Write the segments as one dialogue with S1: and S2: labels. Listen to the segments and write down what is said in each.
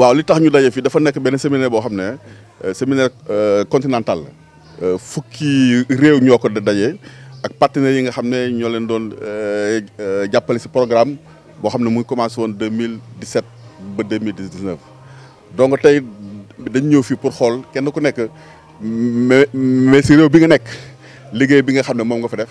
S1: waaw li tax ñu daje fii dafa nekk benn séminaire boo xam ne euh, séminaire euh, continental euh, fukki réew ñoo ko daje ak partenaires yi nga xam ne ñoo leen doon jàppale si programme boo xam ne mu ngi commencé woon 2017 ba 2019 donc tey dañ ñëw fii pour xool kenn ku nekk mais mais si réew bi nga nekk liggéey bi nga xam ne moom nga fa def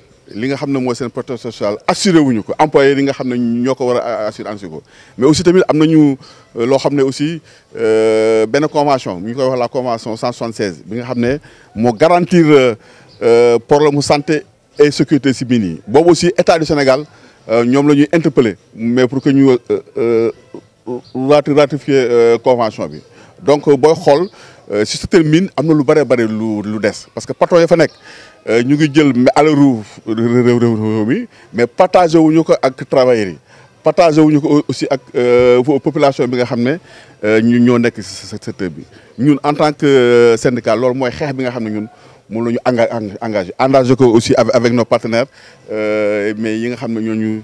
S1: li nga xam ne sen seen protection sociale assuré wuñu ko employé li nga xam ñoko wara assurer assuré ansi ko mais aussi tamit am nañu euh, loo aussi euh, benn convention ñu koy wax la convention 176 bi nga xam mo garantir garantir euh, problème santé et sécurité si biir aussi état du Sénégal ñom la interpeller mais pour que ñu ratifier convention bi donc boy xol euh, si certaines mines am na lu bare bare lu lu des parce que patron y fa nekk euh, ñu ngi jël alalu réew réew mi mais partagé wuñu ko ak travailleurs yi partagé wuñu ko aussi ak euh, population bi nga xam ne ñu ñoo nekk si secteur bi ñun en tant que syndicat loolu mooy xeex bi nga xam ne ñun moom la engagé engagé ko aussi avec nos partenaires mais yi nga xam ne ñoo ñu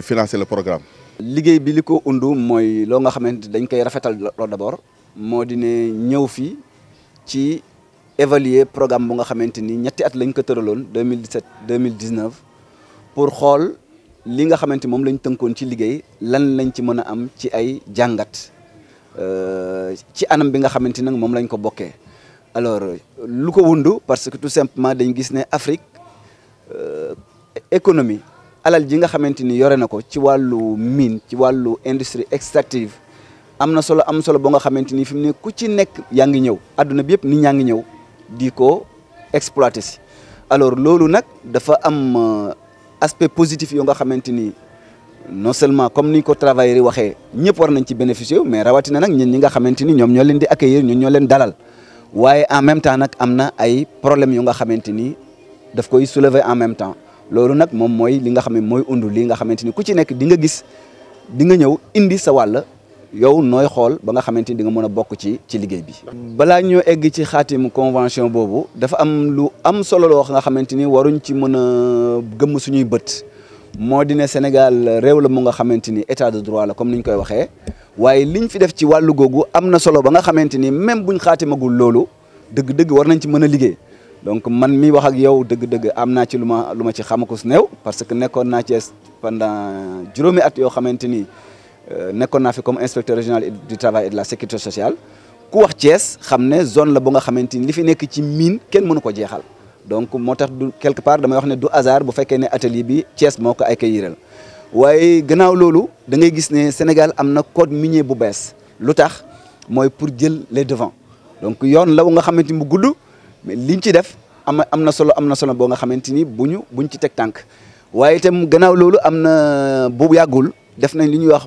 S1: financé le programme.
S2: Liguey bi li ko undu mooy loo nga xamante dañ koy rafetal d'abord. moo di ne ñëw fii ci évaluer programme bu nga xamante ni ñetti at lañ ko tëraloon 2017 2019 pour xool li nga xamante moom lañ tënkoon ci liggéey lan lañ ci mën a am ci ay jàngat euh, ci anam bi nga xamante nag moom lañ ko bokkee alors lu ko wundu parce que tout simplement dañ gis ne Afrique euh, économie alal ji nga xamante ni yore na ko ci wàllu mine ci wàllu industrie extractive am na solo am solo boo nga xamante fimne fi mu ne ku ci nekk yaa ngi ñëw àdduna bi yëpp nit ñaa ngi ñëw di ci exploité si alors loolu nag dafa am euh, aspect positif yo nga xamante non seulement comme ni ko travailleurs yi waxee ñëpp war nañ ci bénéficier mais mais na nag ñen ñi nga xamante ni ñoom ñoo leen di accueillir ñun ñoo leen dalal waaye en même temps nag am na ay problèmes yo nga xamante daf koy soulever en même temps loolu nag moom mooy li nga xam ne mooy undu li nga xamante ni ku ci nekk di nga gis di nga ñëw indi sa wàll yow nooy xool ba nga xamante ni di nga mën a bokk ci ci liggéey bi. balaa ñoo egg ci xaatimu convention boobu dafa am lu am solo loo nga xamante ni waruñ ci mën a gëmm suñuy bët moo di ne Sénégal réew mu nga xamante ni état de droit la comme ni koy waxee waaye liñ fi def ci wàllu googu am na solo ba nga xamante ni même buñ xaatimagul loolu dëgg-dëgg war nañ ci mën a liggéey. donc man mi wax ak yow dëgg-dëgg am naa ci lu ma lu ma ci xamakus néew parce que nekkoon naa ci pendant jurómi at yoo xamante ni Euh, nekkoon naa fi comme inspecteur régional du travail et de la sécurité sociale ku wax Thiès xam ne zone la bu nga xamante ni li fi nekk ci mine kenn mënu ko jeexal donc moo tax du quelque part damay wax ne du hasard bu fekkee ne atelier bi Thiès moo ko ay kay yiral waaye gannaaw loolu da ngay gis ne Sénégal am na code minier bu bees lu tax mooy pour jël les devants donc yoon la bu nga xamante ni bu gudd mais liñ ci def am am na solo am na solo boo nga xamante ni bu ñu buñ ci teg tànk waaye itam gannaaw loolu am na bu yàggul def nañ li ñuy wax.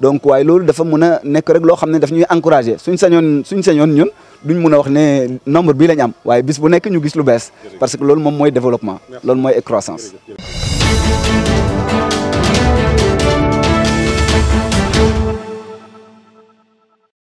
S2: donc way loolu dafa mëna nek rek lo xamné daf ñuy encourager suñ sañon suñ sañon ñun duñ mëna wax né nombre bi lañ am waye bis bu nek ñu gis lu bess parce que loolu mom moy développement loolu moy croissance